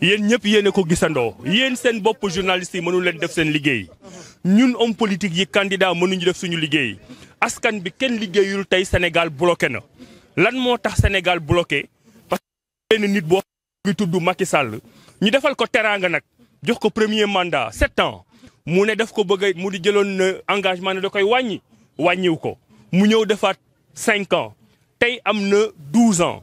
yéen ñëpp yéen a ko gisandoo yéen seen bopp journaliste yi mënu leen def seen liggéey ñun homme politique yi candidat mënuñu def suñu liggéey askan bi kenn liggéeyul tey Sénégal bloqué na lan moo tax Sénégal bloqué parce que benn nit boo ngi tudd Macky Sall ñu defal ko teraanga nag jox ko premier mandat sept ans mu ne daf ko bëgg mu di jëloon engagement ne da koy wàññi wàññiw ko mu ñëw defaat cinq ans tey am na douze ans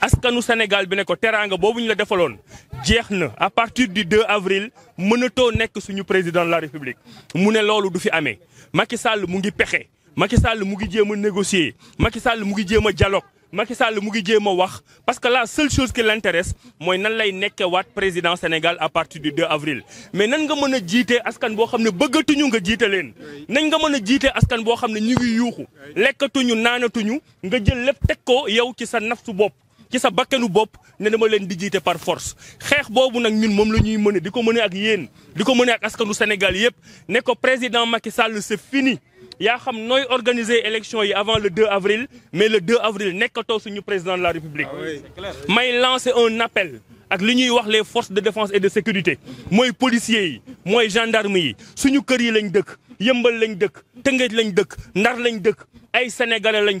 askanu Sénégal bi ne ko teraanga boobu ñu la defaloon jeex na à partir du 2 avril mënatoo nekk suñu président de la république mu ne loolu du fi amee Macky Sall mu ngi pexe Macky Sall mu ngi jéem a négocier Macky Sall mu ngi jéem a dialogue Macky Sall mu ngi jéem a wax parce que la seule chose qui l'intéresse mooy nan lay nekkee waat président Sénégal à partir du 2 avril mais nan nga mën a jiite askan boo xam ne bëggatuñu nga jiite leen nañ nga mën a jiite askan boo xam ne ñu ngi yuuxu lekkatuñu naanatuñu nga jël lépp teg ko yow ci sa nafsu bopp ci sa bakkanu bop ne par force xex nous nak ñun nous Nous mëne mëne ak mëne ak président Macky Sall c'est fini Nous xam organisé organiser élection avant le 2 avril mais le 2 avril to suñu président de la République ah may lancer un appel ak les forces de défense et de sécurité les policiers moy gendarmes, yi suñu kër yi lañ dëkk lañ dëkk lañ sénégalais lañ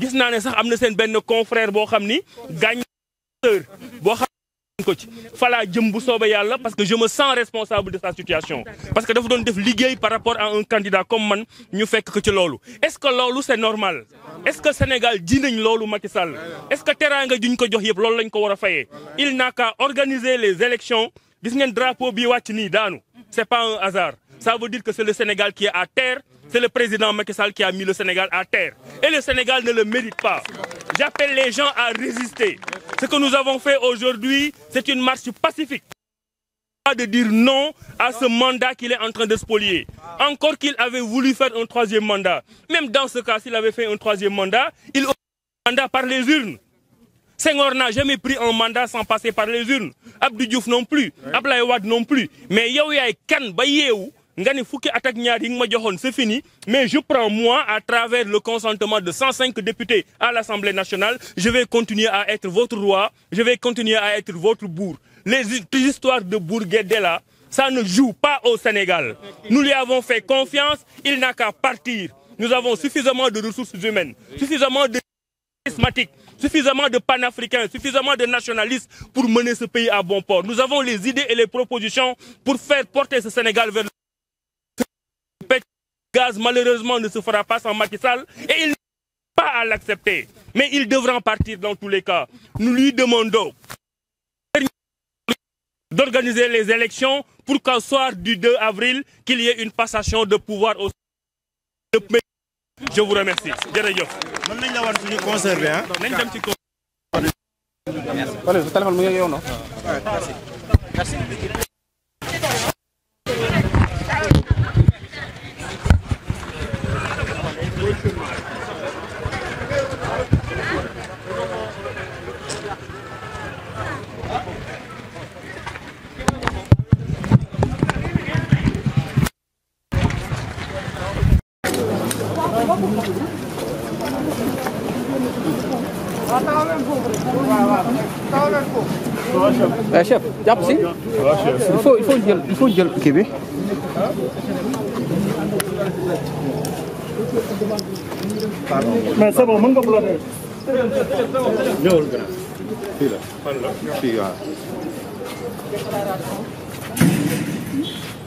gis naa ne sax amna sen ben confrère bo xamni ni bo xamni ko ci fala jëm bu soba yalla parce que je me sens responsable de sa situation parce que dafa doon def liguey par rapport à un candidat comme man ñu fekk ko ci lolu est-ce que lolu c'est normal est-ce que Sénégal ji nañ loolu Macky Sall est-ce que teraanga juñ ko jox yépp lolu lañ ko wara fayé il n'a qu'à organiser les élections gis ngeen drapeau bi wacc ni daanu c'est pas un hasard ça veut dire que c'est le Sénégal qui est à terre c'est le président Macky Sall qui a mis le Sénégal à terre. Et le Sénégal ne le mérite pas. J'appelle les gens à résister. Ce que nous avons fait aujourd'hui, c'est une marche pacifique pas de dire non à ce mandat qu'il est en train de spolier. Encore qu'il avait voulu faire un troisième mandat. Même dans ce cas, s'il avait fait un troisième mandat, il aurait un mandat par les urnes. Senghor n'a jamais pris un mandat sans passer par les urnes. Abdou Diouf non plus. Ablaï non plus. Mais Yahweh Kan, Bayeou, fukki c'est fini mais je prends moi à travers le consentement de 105 députés à l'Assemblée nationale je vais continuer à être votre roi je vais continuer à être votre bourg les histoires de Bourguet ça ne joue pas au Sénégal nous lui avons fait confiance il n'a qu'à partir nous avons suffisamment de ressources humaines suffisamment de charismatiques suffisamment de panafricains, suffisamment de nationalistes pour mener ce pays à bon port. Nous avons les idées et les propositions pour faire porter ce Sénégal vers le malheureusement, ne se fera pas sans Macky et il n'est pas à l'accepter. Mais il devra partir dans tous les cas. Nous lui demandons d'organiser les élections pour qu'au soir du 2 avril, qu'il y ait une passation de pouvoir au Je vous remercie. waaw eh, chef jàpp si. il faut il faut jël il faut jël kii bi. mais c'est bon mën nga bloquer. ñëwal gannaaw fii la fii waaw.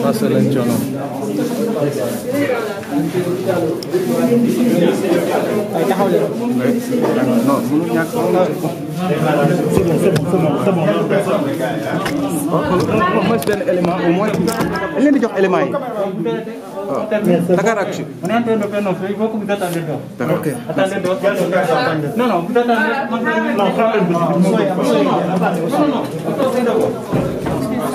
Pásale el chono. Non, mënu ñàkk c'est bon, c'est bon, c'est bon. Au moins benn élément, au moins leen di jox élément yi. Dakaractu. On est en train de faire notre, il faut que vous attendez donc. OK. Attendez donc. Non, non, vous attendez. Non, non, non.